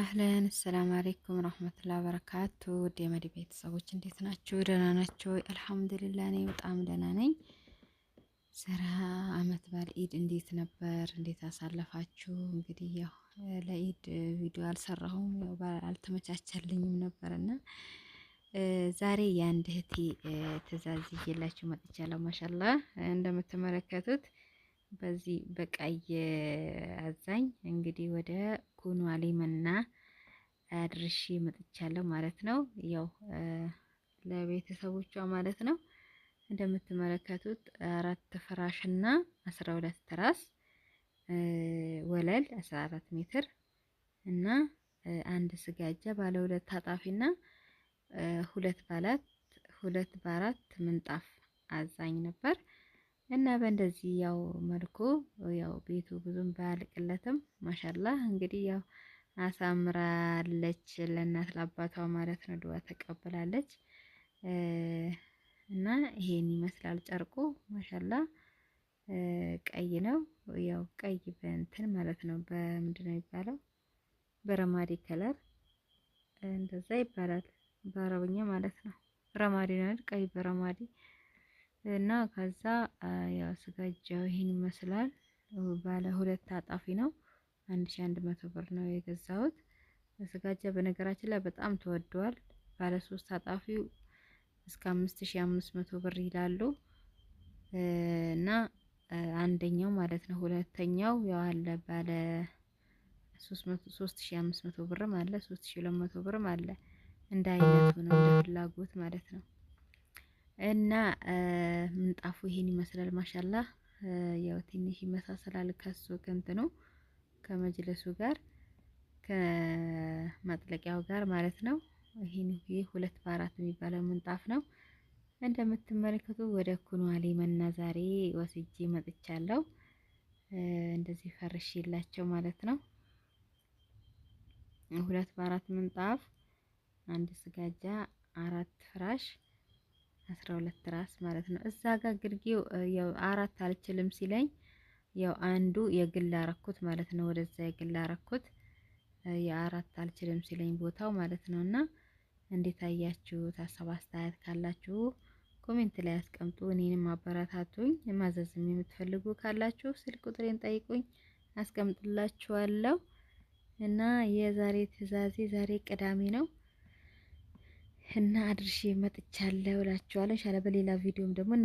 አህለን አሰላም አሌይኩም ረህመቱላህ በረካቱ ውድ የመዲ ቤተሰቦች እንዴት ናችሁ? ደህና ናችሁ? አልሐምዱሊላ እኔ በጣም ደህና ነኝ። ስራ አመት በዓል ኢድ እንዴት ነበር? እንዴት አሳለፋችሁ? እንግዲህ ያው ለኢድ ቪዲዮ አልሰራሁም፣ አልተመቻቸልኝም ነበርና ዛሬ የአንድ እህቴ ትእዛዝ ይዤላችሁ መጥቻለሁ። ማሻላ እንደምትመለከቱት በዚህ በቀይ አዛኝ እንግዲህ ወደ ኩኑ አሊምና ድርሺ መጥቻለሁ ማለት ነው። ያው ለቤተሰቦቿ ማለት ነው። እንደምትመለከቱት አራት ፍራሽና አስራ ሁለት ትራስ ወለል አስራ አራት ሜትር እና አንድ ስጋጃ ባለ ሁለት ታጣፊና ሁለት ባላት ሁለት በአራት ምንጣፍ አዛኝ ነበር። እና በእንደዚህ ያው መልኩ ያው ቤቱ ብዙም ባያልቅለትም ማሻላ እንግዲህ ያው አሳምራለች ለእናት ለአባቷ ማለት ነው። ድዋ ተቀብላለች እና ይሄን ይመስላል ጨርቁ ማሻላ ቀይ ነው። ያው ቀይ በእንትን ማለት ነው በምንድን ነው የሚባለው? በረማዲ ከለር እንደዛ ይባላል በአረብኛ ማለት ነው። ረማዲ ነው ቀይ በረማዲ እና ከዛ ያው ይሄን ይመስላል። ባለ ሁለት አጣፊ ነው። 1100 ብር ነው የገዛሁት። ስጋጃ በነገራችን ላይ በጣም ተወዷል። ባለ ሶስት አጣፊው እስከ 5500 ብር ይላሉ እና አንደኛው ማለት ነው። ሁለተኛው ያው አለ ባለ 3500 ብርም አለ 3200 ብርም አለ። እንደ ነው፣ እንደ ማለት ነው። እና ምንጣፉ ይሄን ይመስላል። ማሻላ ያው ትንሽ ይመሳሰላል ከሱ ከእንትኑ ከመጅለሱ ጋር ከማጥለቂያው ጋር ማለት ነው። ይሄን ሁለት በአራት የሚባለው ምንጣፍ ነው። እንደምትመለከቱ ወደ ኩኗሌ መናዛሬ ወስጄ መጥቻለሁ። እንደዚህ ፈርሽ የላቸው ማለት ነው። ሁለት በአራት ምንጣፍ፣ አንድ ስጋጃ፣ አራት ፍራሽ አስራ ሁለት ራስ ማለት ነው። እዛ ጋር ግርጌው ያው አራት አልችልም ሲለኝ ያው አንዱ የግል አረኩት ማለት ነው። ወደዛ የግል አረኩት የአራት አልችልም ሲለኝ ቦታው ማለት ነው። እና እንዴት አያችሁት? ሀሳብ አስተያየት ካላችሁ ኮሜንት ላይ አስቀምጡ። እኔንም አበረታቱኝ። ማዘዝም የምትፈልጉ ካላችሁ ስልክ ቁጥሬን ጠይቁኝ፣ አስቀምጥላችኋለሁ። እና የዛሬ ትዕዛዜ ዛሬ ቅዳሜ ነው እና አድርሼ መጥቻለሁ እላችኋለሁ። ኢንሻላህ በሌላ ቪዲዮም ደግሞ